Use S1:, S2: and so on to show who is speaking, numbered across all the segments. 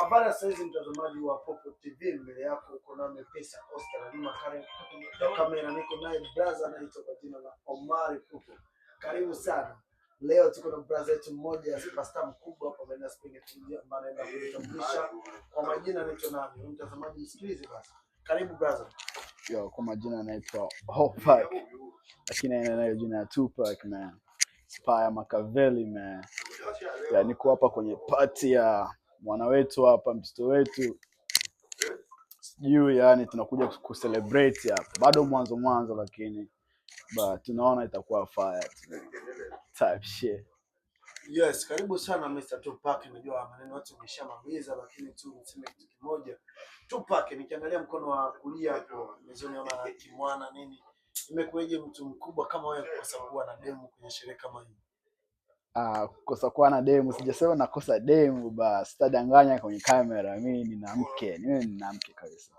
S1: Habari sasa hizi mtazamaji wa Popo TV, mbele yako uko na Mpesa Oscar na Lima Karen, kamera niko naye brother anaitwa kwa jina la Omari Popo. Karibu sana. Leo tuko na brother yetu mmoja ya superstar mkubwa hapa Venus Spring TV ambaye anaenda kujitambulisha kwa majina anaitwa nani? Mtazamaji msikilize basi. Karibu brother.
S2: Yo, kwa majina anaitwa Hopak. Lakini ana anayo jina ya Tupac man. Spy Machiavelli man. Ya niko hapa kwenye party ya uh mwana wetu hapa, mtoto wetu sijuu, yani tunakuja kucelebrate hapa, bado mwanzo mwanzo, lakini but tunaona itakuwa fire type shit.
S1: Yes, karibu sana Mr. Tupac. Najua maneno yote umeshamaliza, lakini tu niseme kitu kimoja. Tupac, nikiangalia mkono wa kulia hapo mezoni ama kimwana nini, imekuwaje mtu mkubwa kama wewe kwa sababu na demu kwenye sherehe kama hii?
S2: Ah, kukosa kuwa na demu, sijasema nakosa demu ba, sitadanganya kwenye kamera. Mimi nina mke, mimi nina mke kabisa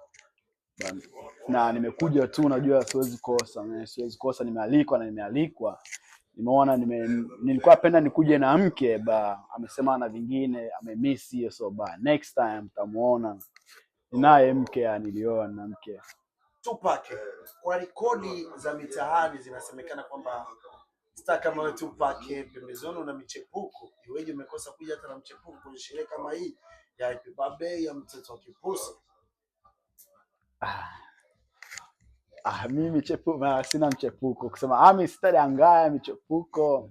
S2: Bana. na nimekuja tu, najua siwezi kosa, siwezi kosa, nimealikwa na nimealikwa, nimeona nime, nilikuwa penda nikuje na mke ba, amesema na vingine amemiss hiyo, so ba next time tamuona naye mke, nilioa na mke.
S1: Tupac, kwa rekodi za mitaani zinasemekana kwamba Star kama wewe Tupac pembezoni na michepuko, iweje umekosa kuja hata na mchepuko kwenye sherehe kama hii ya happy birthday ya mtoto wa Kipusi? Ah.
S2: Ah, mimi michepuko sina mchepuko kusema ah, mimi Star angaya michepuko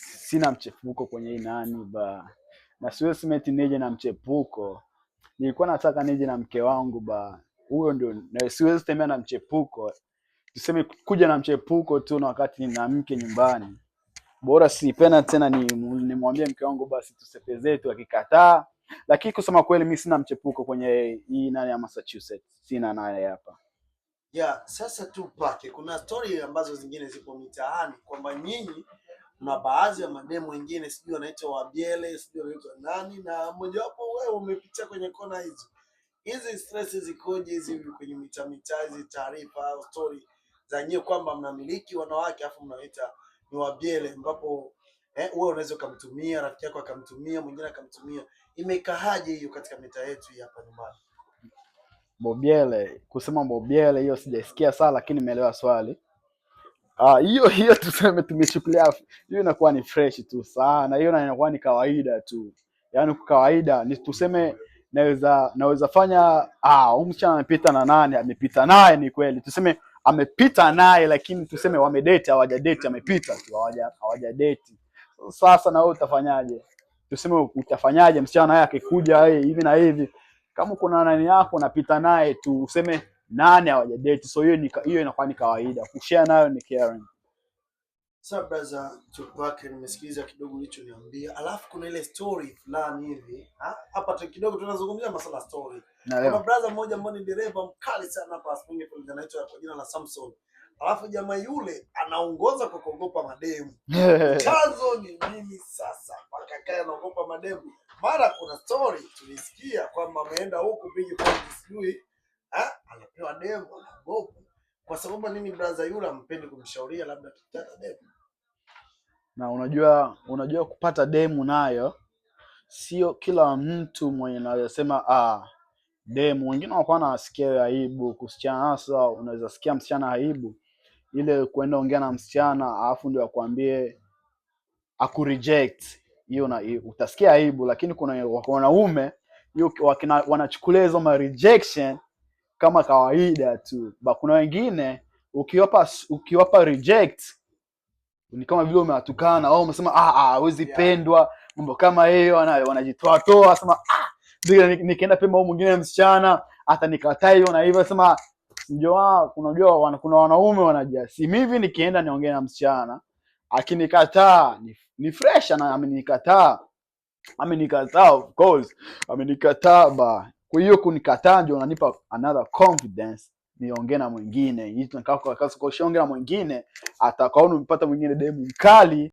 S2: sina mchepuko kwenye hii nani ba na siwezi meti nije na mchepuko. Nilikuwa nataka nije na mke wangu ba, huyo ndio, na siwezi tembea na mchepuko tuseme kuja na mchepuko tu na wakati na mke nyumbani, bora sipena tena, nimwambie ni mke wangu basi tu, akikataa. Lakini kusema kweli, mi sina mchepuko kwenye hii nani ya Massachusetts, sina naye hapa
S1: ya Sasa tu pake. kuna stori ambazo zingine zipo mitaani kwamba nyinyi na baadhi ya mademu wengine sijui wanaitwa wabiele sijui wanaitwa nani, na mojawapo wewe umepitia kwenye kona hizo. Hizi stress zikoje hizi kwenye mitaa mitaa, hizi taarifa au stori za nyie kwamba mnamiliki wanawake afu mnaita ni wabyele, ambapo eh, wewe unaweza ukamtumia rafiki yako akamtumia mwingine akamtumia. Imekaaje hiyo katika mita yetu hii hapa nyumbani?
S2: Bobyele, kusema bobyele hiyo sijaisikia sana, lakini nimeelewa swali ah, hiyo. Uh, hiyo tuseme tumechukulia hiyo inakuwa ni fresh tu sana, hiyo inakuwa ni kawaida tu, yaani kwa kawaida ni tuseme naweza naweza fanya ah, huyu msichana amepita na nani amepita naye, ni kweli tuseme amepita naye, lakini tuseme wamedate, hawajadate, amepita tu, hawajadate. Sasa na wewe utafanyaje? Tuseme utafanyaje? msichana naye akikuja hey, hivi na hivi, kama kuna nani yako unapita naye tu, useme nane hawajadate. So hiyo hiyo inakuwa ni kawaida, kushare nayo ni caring.
S1: Sasa brother, Tupac nimesikiliza kidogo hicho niambia, alafu kuna ile story fulani hivi hapa tu kidogo tunazungumzia masala story. Kuna brother mmoja ambaye ni dereva mkali sana hapa Spring jina anaitwa kwa jina la Samson. Alafu jamaa yule anaongoza kwa kuogopa mademu. Chanzo ni nini sasa? Paka kaya anaogopa mademu. Mara kuna story tulisikia kwamba ameenda huko bigi kwa sijui, ah, anapewa demu anaogopa. Kwa sababu mimi brother yule ampendi kumshauria labda tutata demu?
S2: na unajua, unajua kupata demu nayo sio kila mtu mwenye naweza ah, demu. Wengine wanakuwa nawasikia aibu kusichana, hasa unaweza sikia msichana aibu ile kuenda ongea na msichana alafu ndio akwambie aku reject hiyo, na utasikia aibu, lakini kuna wanaume wanachukulia hizo ma rejection kama kawaida tu ba. Kuna wengine ukiwapa ukiwapa reject ni kama vile umewatukana au umesema ah, ah, hawezi pendwa, mambo kama hiyo, wanajitoa toa, wanasema ah, nikaenda pema mwingine msichana hata nikataa hiyo na hivyo, sema njoa, unajua kuna wanaume wanajasimi hivi, nikienda niongee na msichana akinikataa ni fresh na amenikataa amenikataa of course amenikataa ba. Kwa hiyo kunikataa ndio unanipa another confidence niongee na mwingine, ushaongea na mwingine, atakaona umepata mwingine demu mkali